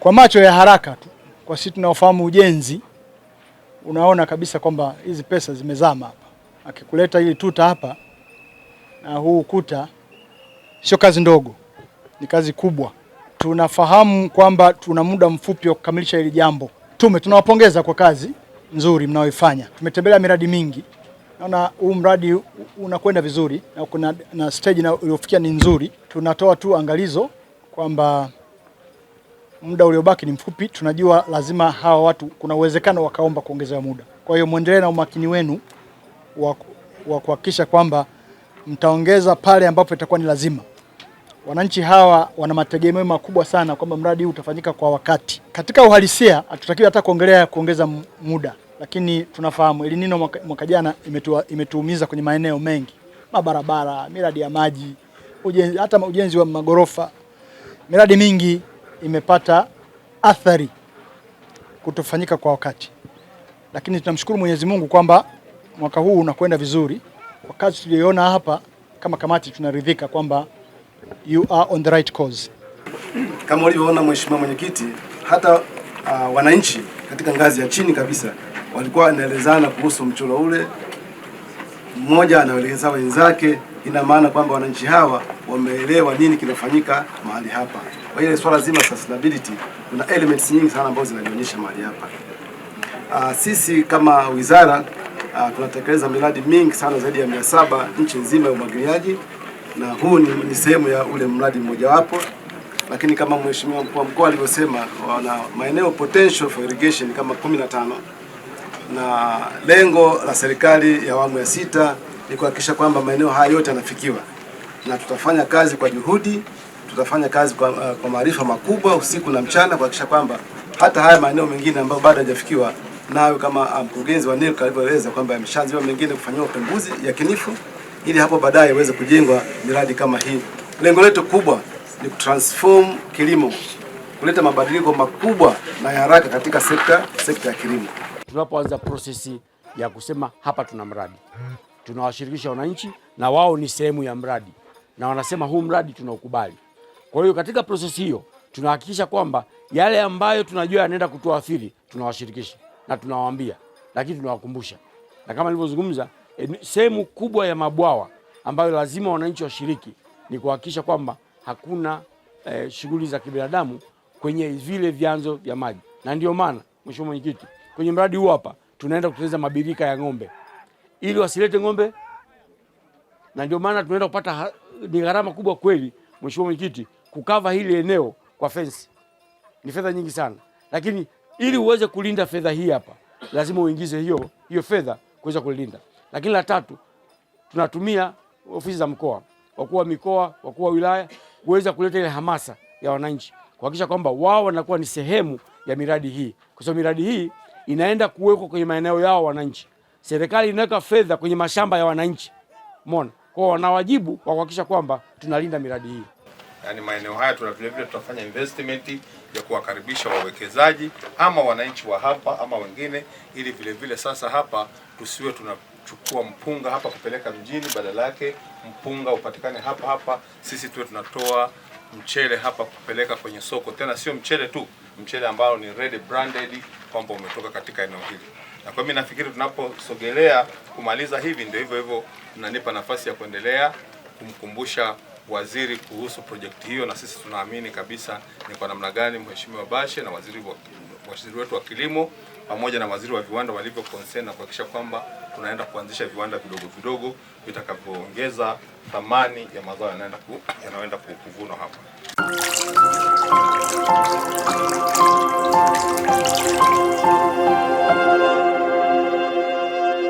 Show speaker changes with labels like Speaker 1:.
Speaker 1: Kwa macho ya haraka tu, kwa sisi tunaofahamu ujenzi, unaona kabisa kwamba hizi pesa zimezama hapa. Akikuleta hili tuta hapa na huu ukuta, sio kazi ndogo, ni kazi kubwa tunafahamu kwamba tuna muda mfupi wa kukamilisha hili jambo. Tume tunawapongeza kwa kazi nzuri mnayoifanya. Tumetembelea miradi mingi, naona huu mradi unakwenda vizuri na kuna na stage uliofikia ni nzuri. Tunatoa tu angalizo kwamba muda uliobaki ni mfupi. Tunajua lazima hawa watu kuna uwezekano wakaomba kuongezewa muda, kwa hiyo muendelee na umakini wenu wa kuhakikisha kwamba mtaongeza pale ambapo itakuwa ni lazima. Wananchi hawa wana mategemeo makubwa sana kwamba mradi huu utafanyika kwa wakati. Katika uhalisia, hatutakiwi hata kuongelea kuongeza muda, lakini tunafahamu El Nino mwaka jana imetuumiza kwenye maeneo mengi, mabarabara, miradi ya maji, ujenzi, hata ujenzi wa magorofa. Miradi mingi imepata athari kutofanyika kwa wakati, lakini tunamshukuru Mwenyezi Mungu kwamba mwaka huu unakwenda vizuri. Wakati tuliyoona hapa kama kamati tunaridhika kwamba
Speaker 2: you are on the right cause.
Speaker 3: Kama ulivyoona Mheshimiwa Mwenyekiti, hata uh, wananchi katika ngazi ya chini kabisa walikuwa wanaelezana kuhusu mchoro ule, mmoja anaeleza wenzake. Ina maana kwamba wananchi hawa wameelewa nini kinafanyika mahali hapa. Kwa hiyo swala zima sustainability, kuna elements nyingi sana ambazo zinajionyesha mahali hapa. Uh, sisi kama wizara uh, tunatekeleza miradi mingi sana zaidi ya mia saba nchi nzima ya umwagiliaji na huu ni, ni sehemu ya ule mradi mmojawapo, lakini kama mheshimiwa mkuu wa mkoa alivyosema, wana maeneo potential for irrigation kama 15 na lengo la serikali ya awamu ya sita ni kuhakikisha kwamba maeneo haya yote yanafikiwa, na tutafanya kazi kwa juhudi, tutafanya kazi kwa, uh, kwa maarifa makubwa usiku na mchana kuhakikisha kwamba hata haya maeneo mengine ambayo bado hayajafikiwa, nayo kama uh, mkurugenzi um, wa NIRC alivyoeleza kwamba yameshaanziwa mengine kufanyiwa upembuzi yakinifu ili hapo baadaye iweze kujengwa miradi kama hii. Lengo letu kubwa ni kutransform kilimo, kuleta mabadiliko makubwa na ya haraka katika sekta sekta ya kilimo.
Speaker 4: Tunapoanza prosesi ya kusema hapa tuna mradi, tunawashirikisha wananchi na wao ni sehemu ya mradi, na wanasema huu mradi tunaukubali. Kwa hiyo katika prosesi hiyo tunahakikisha kwamba yale ambayo tunajua yanaenda kutuathiri tunawashirikisha na tunawaambia, lakini tunawakumbusha, na kama nilivyozungumza Eh, sehemu kubwa ya mabwawa ambayo lazima wananchi washiriki ni kuhakikisha kwamba hakuna eh, shughuli za kibinadamu kwenye vile vyanzo vya maji, na ndio maana Mheshimiwa Mwenyekiti, kwenye mradi huu hapa tunaenda kutengeneza mabirika ya ng'ombe ili wasilete ng'ombe, na ndio maana tunaenda kupata, ni gharama kubwa kweli Mheshimiwa Mwenyekiti, kukava hili eneo kwa fensi ni fedha nyingi sana, lakini ili uweze kulinda fedha hii hapa lazima uingize hiyo hiyo fedha kuweza kulinda. Lakini la tatu tunatumia ofisi za mkoa, wakuu wa mikoa, wakuu wa wilaya kuweza kuleta ile hamasa ya wananchi kuhakikisha kwamba wao wanakuwa ni sehemu ya miradi hii, kwa sababu miradi hii inaenda kuwekwa kwenye maeneo yao wananchi. Serikali inaweka fedha kwenye mashamba ya wananchi, umeona, kwa wana wajibu wa kuhakikisha kwamba tunalinda miradi hii.
Speaker 5: Yani maeneo haya tuna vile vile tutafanya investment ya kuwakaribisha wawekezaji ama wananchi wa hapa ama wengine, ili vile vile sasa hapa tusiwe tuna kuchukua mpunga hapa kupeleka mjini, badala yake mpunga upatikane hapa hapa, sisi tuwe tunatoa mchele hapa kupeleka kwenye soko, tena sio mchele tu, mchele ambao ni red branded kwamba umetoka katika eneo hili. Na kwa mimi nafikiri tunaposogelea kumaliza hivi, ndio hivyo hivyo, mnanipa nafasi ya kuendelea kumkumbusha waziri kuhusu projekti hiyo, na sisi tunaamini kabisa ni kwa namna gani Mheshimiwa Bashe na waziri, waziri wetu wa kilimo pamoja na waziri wa viwanda walivyo concern na kuhakikisha kwamba tunaenda kuanzisha viwanda vidogo vidogo vitakavyoongeza thamani ya mazao yanayoenda kuvunwa hapa.